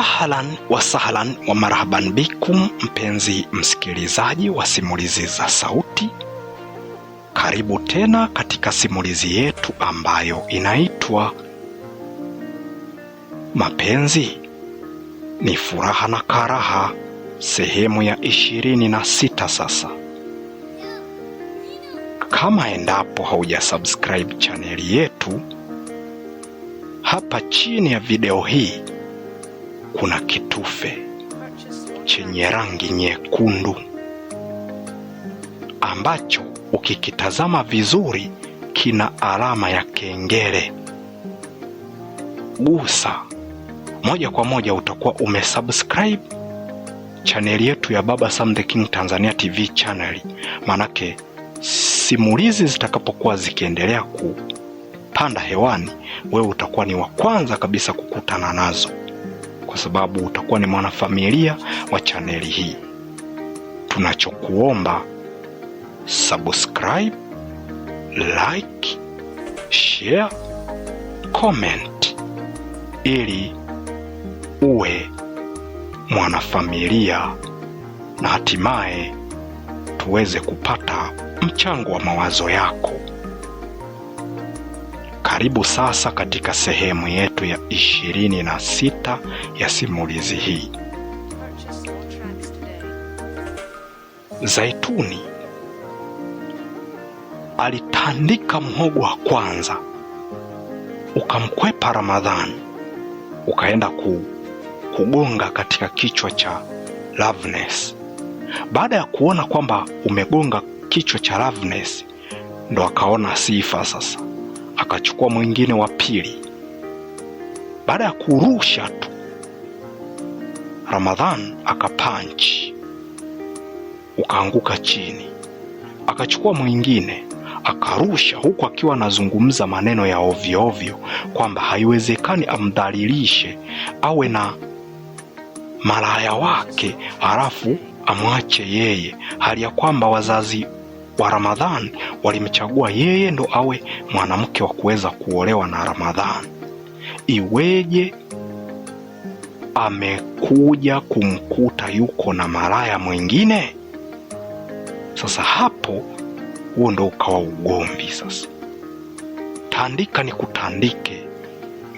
Ahlan wa sahlan wa marhaban bikum, mpenzi msikilizaji wa simulizi za sauti, karibu tena katika simulizi yetu ambayo inaitwa Mapenzi ni Furaha na Karaha, sehemu ya ishirini na sita. Sasa kama endapo haujasubscribe chaneli yetu, hapa chini ya video hii kuna kitufe chenye rangi nyekundu ambacho ukikitazama vizuri kina alama ya kengele. Gusa moja kwa moja, utakuwa umesubscribe chaneli yetu ya Baba Sam the King Tanzania TV channel, maanake simulizi zitakapokuwa zikiendelea kupanda hewani, wewe utakuwa ni wa kwanza kabisa kukutana nazo kwa sababu utakuwa ni mwanafamilia wa chaneli hii. Tunachokuomba subscribe, like, share, comment ili uwe mwanafamilia na hatimaye tuweze kupata mchango wa mawazo yako karibu sasa katika sehemu yetu ya ishirini na sita ya simulizi hii. Zaituni alitandika mhogo wa kwanza ukamkwepa Ramadhani, ukaenda ku, kugonga katika kichwa cha Loveness. Baada ya kuona kwamba umegonga kichwa cha Loveness, ndo akaona sifa sasa akachukua mwingine wa pili. Baada ya kurusha tu, Ramadhan akapanchi ukaanguka chini, akachukua mwingine akarusha, huku akiwa anazungumza maneno ya ovyo ovyo kwamba haiwezekani amdhalilishe, awe na malaya wake halafu amwache yeye, hali ya kwamba wazazi wa Ramadhani walimchagua yeye ndo awe mwanamke wa kuweza kuolewa na Ramadhani, iweje amekuja kumkuta yuko na malaya mwingine? Sasa hapo huo ndo ukawa ugomvi. Sasa tandika ni kutandike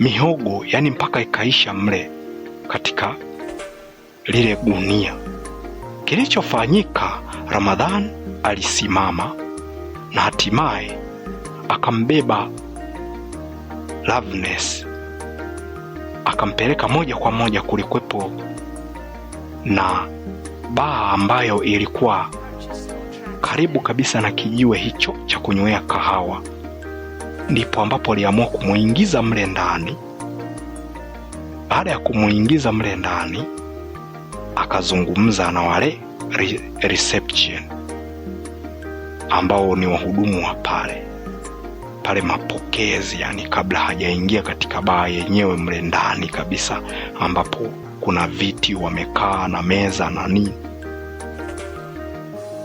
mihogo, yani mpaka ikaisha mle katika lile gunia. Kilichofanyika Ramadhani alisimama na hatimaye akambeba Loveness akampeleka moja kwa moja. Kulikwepo na baa ambayo ilikuwa karibu kabisa na kijiwe hicho cha kunywea kahawa, ndipo ambapo aliamua kumwingiza mle ndani. Baada ya kumwingiza mle ndani, akazungumza na wale reception ambao ni wahudumu wa pale pale mapokezi, yani kabla hajaingia katika baa yenyewe, mle ndani kabisa, ambapo kuna viti wamekaa na meza na nini.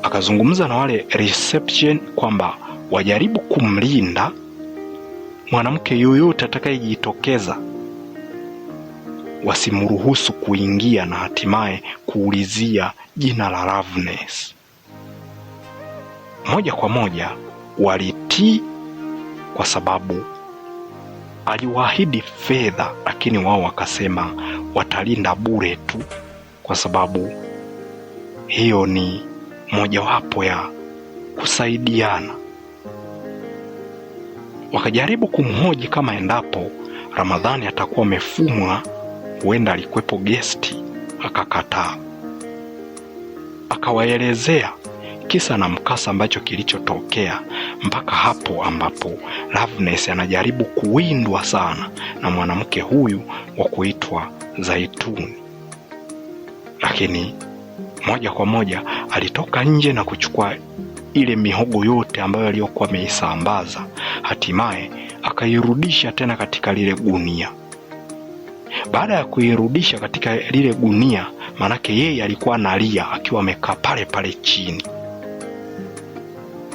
Akazungumza na wale reception kwamba wajaribu kumlinda mwanamke yoyote atakayejitokeza, wasimruhusu kuingia na hatimaye kuulizia jina la Loveness moja kwa moja walitii, kwa sababu aliwaahidi fedha, lakini wao wakasema watalinda bure tu, kwa sababu hiyo ni mojawapo ya kusaidiana. Wakajaribu kumhoji kama endapo Ramadhani atakuwa amefumwa, huenda alikuwepo gesti, akakataa. Akawaelezea kisa na mkasa ambacho kilichotokea mpaka hapo ambapo Loveness anajaribu kuwindwa sana na mwanamke huyu wa kuitwa Zaituni, lakini moja kwa moja alitoka nje na kuchukua ile mihogo yote ambayo aliyokuwa ameisambaza, hatimaye akairudisha tena katika lile gunia. Baada ya kuirudisha katika lile gunia, maanake yeye alikuwa analia akiwa amekaa pale pale chini.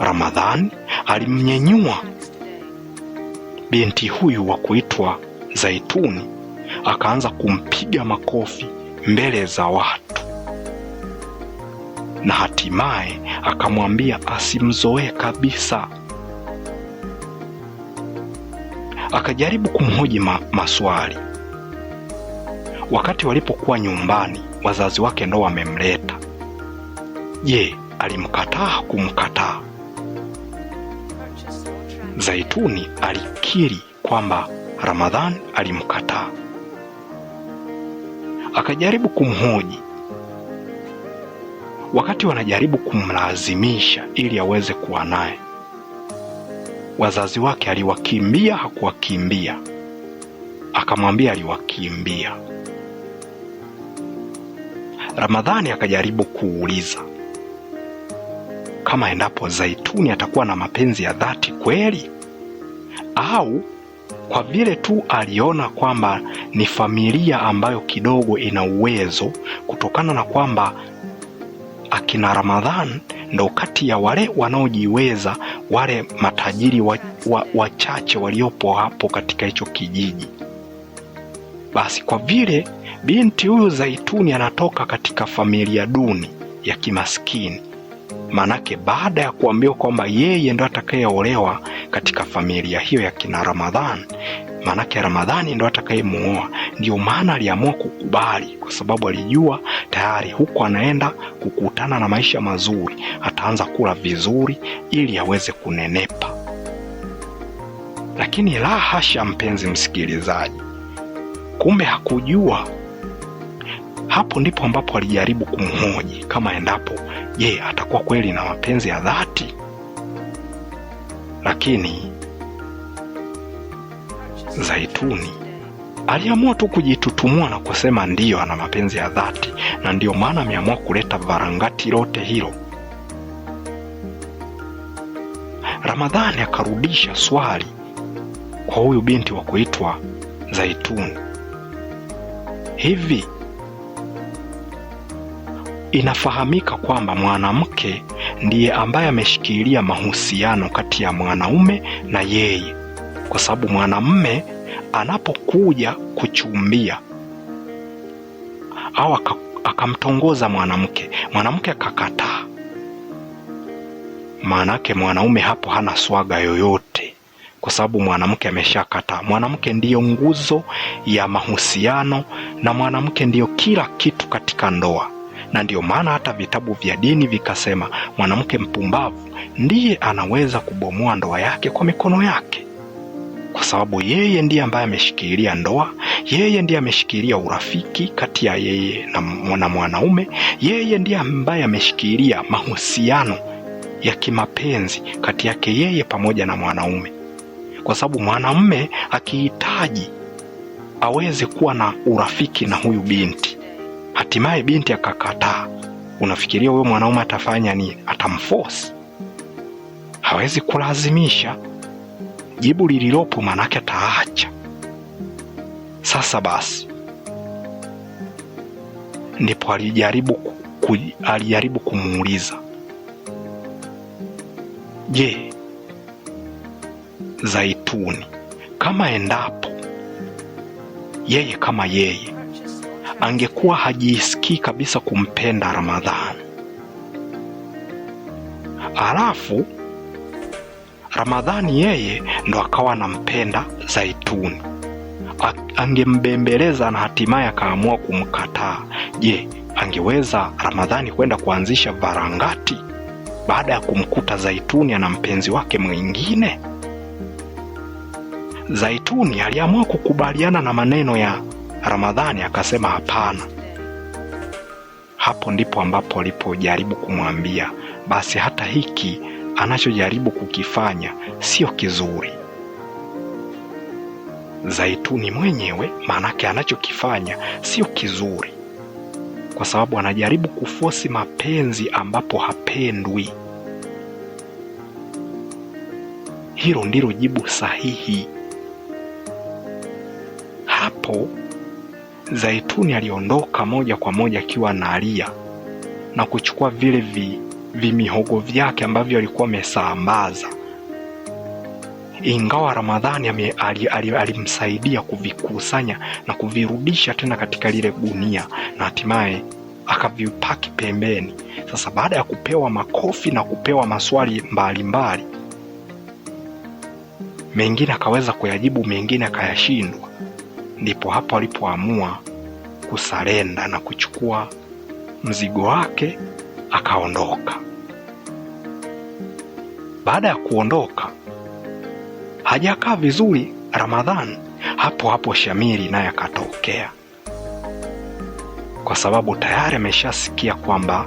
Ramadhani alimnyenyua binti huyu wa kuitwa Zaituni, akaanza kumpiga makofi mbele za watu, na hatimaye akamwambia asimzoee kabisa. Akajaribu kumhoji ma maswali. Wakati walipokuwa nyumbani, wazazi wake ndo wamemleta. Je, alimkataa? Kumkataa Zaituni alikiri kwamba Ramadhan alimkataa. Akajaribu kumhoji wakati wanajaribu kumlazimisha ili aweze kuwa naye. Wazazi wake aliwakimbia, hakuwakimbia, akamwambia aliwakimbia. Ramadhani akajaribu kuuliza kama endapo Zaituni atakuwa na mapenzi ya dhati kweli au kwa vile tu aliona kwamba ni familia ambayo kidogo ina uwezo, kutokana na kwamba akina Ramadhan ndo kati ya wale wanaojiweza, wale matajiri wachache wa, wa waliopo hapo katika hicho kijiji. Basi kwa vile binti huyu Zaituni anatoka katika familia duni ya kimaskini Maanake baada ya kuambiwa kwamba yeye ndo atakayeolewa katika familia hiyo ya kina ramadhan maanake Ramadhani ndo atakayemuoa. Ndiyo maana aliamua kukubali, kwa sababu alijua tayari huko anaenda kukutana na maisha mazuri, ataanza kula vizuri ili aweze kunenepa. Lakini la hasha, mpenzi msikilizaji, kumbe hakujua hapo ndipo ambapo alijaribu kumhoji kama endapo, je, atakuwa kweli na mapenzi ya dhati? Lakini Zaituni aliamua tu kujitutumua na kusema ndiyo, ana mapenzi ya dhati, na ndiyo maana ameamua kuleta varangati lote hilo. Ramadhani akarudisha swali kwa huyu binti wa kuitwa Zaituni, hivi Inafahamika kwamba mwanamke ndiye ambaye ameshikilia mahusiano kati ya mwanaume na yeye, kwa sababu mwanamume anapokuja kuchumbia au akamtongoza mwanamke, mwanamke akakataa, maanake mwanaume hapo hana swaga yoyote, kwa sababu mwanamke ameshakataa. Mwanamke ndiyo nguzo ya mahusiano na mwanamke ndiyo kila kitu katika ndoa na ndiyo maana hata vitabu vya dini vikasema mwanamke mpumbavu ndiye anaweza kubomoa ndoa yake kwa mikono yake, kwa sababu yeye ndiye ambaye ameshikilia ndoa, yeye ndiye ameshikilia urafiki kati ya yeye na mwanaume, yeye ndiye ambaye ameshikilia mahusiano ya kimapenzi kati yake yeye pamoja na mwanaume, kwa sababu mwanamume akihitaji aweze kuwa na urafiki na huyu binti Hatimaye binti akakataa. Unafikiria huyo mwanaume atafanya nini? Atamforce? Hawezi kulazimisha. Jibu lililopo maanake ataacha. Sasa basi, ndipo alijaribu ku, alijaribu kumuuliza, je, Zaituni kama endapo yeye kama yeye angekuwa hajisikii kabisa kumpenda Ramadhani. alafu Ramadhani yeye ndo akawa anampenda Zaituni, angembembeleza na hatimaye akaamua kumkataa. Je, angeweza Ramadhani kwenda kuanzisha varangati baada ya kumkuta Zaituni ana mpenzi wake mwingine? Zaituni aliamua kukubaliana na maneno ya Ramadhani akasema hapana. Hapo ndipo ambapo alipojaribu kumwambia basi hata hiki anachojaribu kukifanya sio kizuri. Zaituni mwenyewe maanake anachokifanya sio kizuri, kwa sababu anajaribu kufosi mapenzi ambapo hapendwi. Hilo ndilo jibu sahihi hapo. Zaituni aliondoka moja kwa moja akiwa analia na kuchukua vile vi, vimihogo vyake ambavyo alikuwa amesambaza, ingawa Ramadhani alimsaidia kuvikusanya na kuvirudisha tena katika lile gunia na hatimaye akavipaki pembeni. Sasa baada ya kupewa makofi na kupewa maswali mbalimbali, mengine akaweza kuyajibu, mengine akayashindwa ndipo hapo alipoamua kusarenda na kuchukua mzigo wake akaondoka. Baada ya kuondoka, hajakaa vizuri Ramadhani, hapo hapo Shamiri naye akatokea, kwa sababu tayari ameshasikia kwamba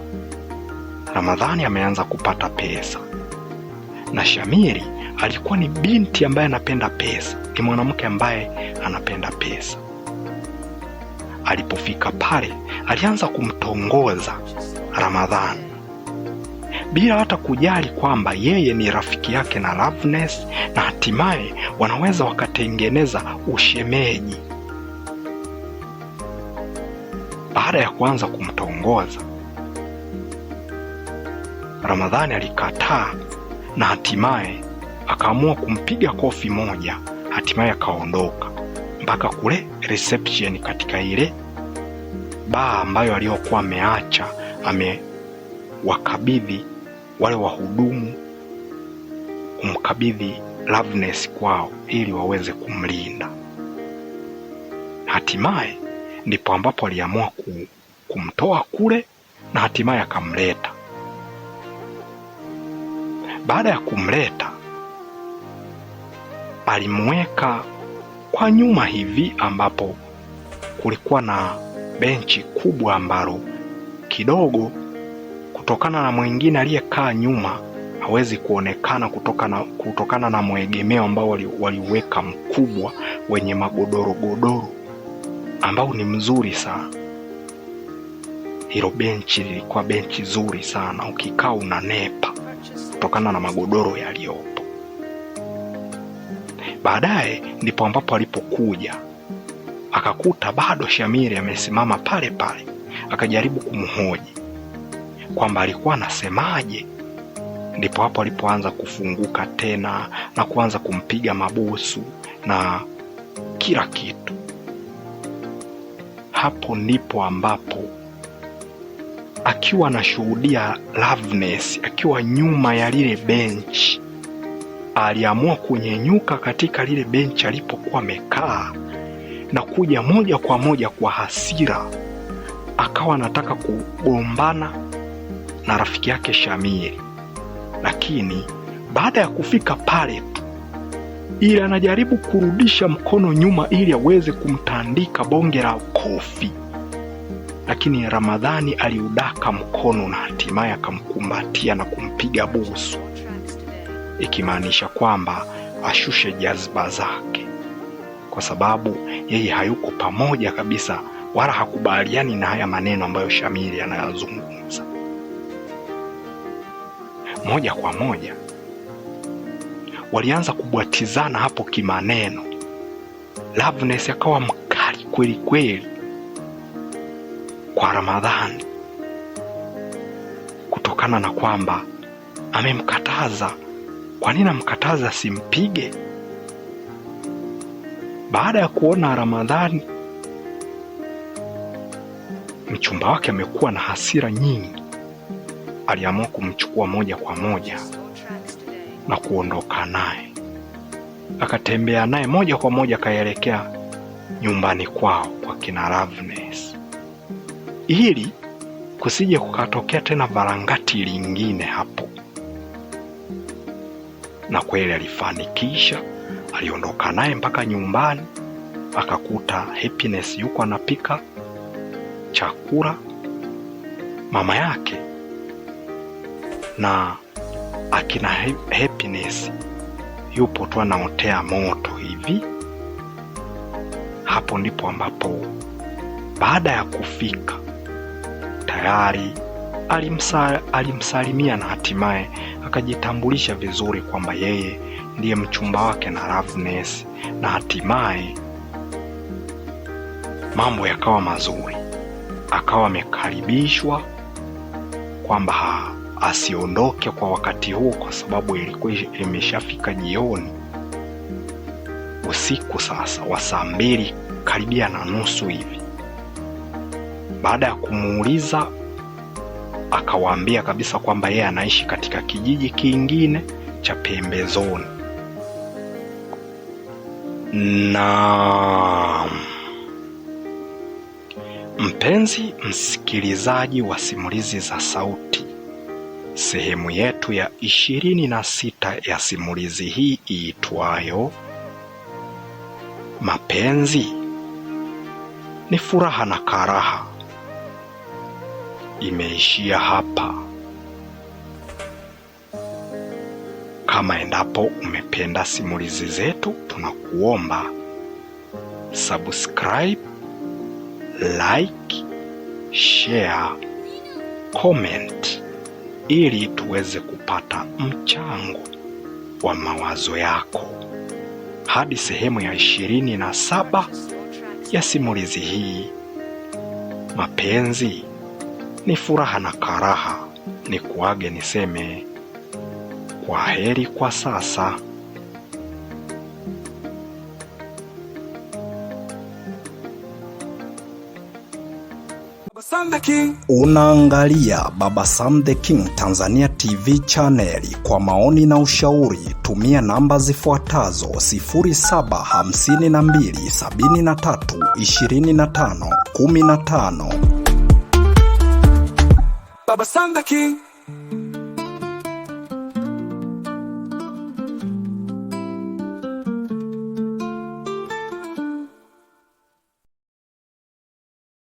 Ramadhani ameanza kupata pesa na Shamiri alikuwa ni binti ambaye anapenda pesa, ni mwanamke ambaye anapenda pesa. Alipofika pale, alianza kumtongoza Ramadhani bila hata kujali kwamba yeye ni rafiki yake na Loveness, na hatimaye wanaweza wakatengeneza ushemeji. Baada ya kuanza kumtongoza Ramadhani alikataa na hatimaye akaamua kumpiga kofi moja, hatimaye akaondoka mpaka kule reception katika ile baa ambayo aliyokuwa ameacha amewakabidhi wale wahudumu kumkabidhi Loveness kwao ili waweze kumlinda. Hatimaye ndipo ambapo aliamua kumtoa kule na hatimaye akamleta. Baada ya kumleta alimweka kwa nyuma hivi, ambapo kulikuwa na benchi kubwa ambalo kidogo, kutokana na mwingine aliyekaa nyuma, hawezi kuonekana kutokana, kutokana na mwegemeo ambao waliuweka wali mkubwa, wenye magodoro godoro ambao ni mzuri sana. Hilo benchi lilikuwa benchi zuri sana, ukikaa unanepa kutokana na magodoro yaliyo Baadaye ndipo ambapo alipokuja akakuta bado Shamiri amesimama pale pale, akajaribu kumhoji kwamba alikuwa anasemaje. Ndipo hapo alipoanza kufunguka tena na kuanza kumpiga mabusu na kila kitu. Hapo ndipo ambapo akiwa anashuhudia Loveness akiwa nyuma ya lile benchi aliamua kunyenyuka katika lile benchi alipokuwa amekaa na kuja moja kwa moja kwa hasira, akawa anataka kugombana na rafiki yake Shamie, lakini baada ya kufika pale tu, ili anajaribu kurudisha mkono nyuma ili aweze kumtandika bonge la kofi, lakini Ramadhani aliudaka mkono na hatimaye akamkumbatia na kumpiga busu ikimaanisha kwamba ashushe jazba zake, kwa sababu yeye hayuko pamoja kabisa wala hakubaliani na haya maneno ambayo Shamiri anayazungumza moja kwa moja. Walianza kubwatizana hapo kimaneno. lavnes akawa mkali kweli kweli kwa Ramadhani kutokana na kwamba amemkataza kwa nini namkataza simpige? Baada ya kuona Ramadhani mchumba wake amekuwa na hasira nyingi, aliamua kumchukua moja kwa moja na kuondoka naye. Akatembea naye moja kwa moja, akaelekea nyumbani kwao kwa kina Ravnes, ili kusije kukatokea tena varangati lingine hapo na kweli alifanikisha. Aliondoka naye mpaka nyumbani, akakuta Happiness yuko anapika chakula mama yake na akina Happiness yupo tu anaotea moto hivi. Hapo ndipo ambapo baada ya kufika tayari alimsa, alimsalimia na hatimaye akajitambulisha vizuri kwamba yeye ndiye mchumba wake na Ravnes, na hatimaye mambo yakawa mazuri, akawa amekaribishwa kwamba asiondoke kwa wakati huo, kwa sababu ilikuwa imeshafika jioni, usiku sasa wa saa mbili karibia na nusu hivi. Baada ya kumuuliza akawaambia kabisa kwamba yeye anaishi katika kijiji kingine cha pembezoni na mpenzi msikilizaji wa simulizi za sauti, sehemu yetu ya ishirini na sita ya simulizi hii iitwayo Mapenzi ni Furaha na Karaha imeishia hapa. Kama endapo umependa simulizi zetu, tunakuomba subscribe, like, share, comment ili tuweze kupata mchango wa mawazo yako. Hadi sehemu ya ishirini na saba ya simulizi hii, mapenzi ni furaha na karaha, ni kuage niseme kwa heri kwa sasa. Unaangalia Baba Sam the King Tanzania TV channel Kwa maoni na ushauri tumia namba zifuatazo: 0752732515 Baba Sam the King.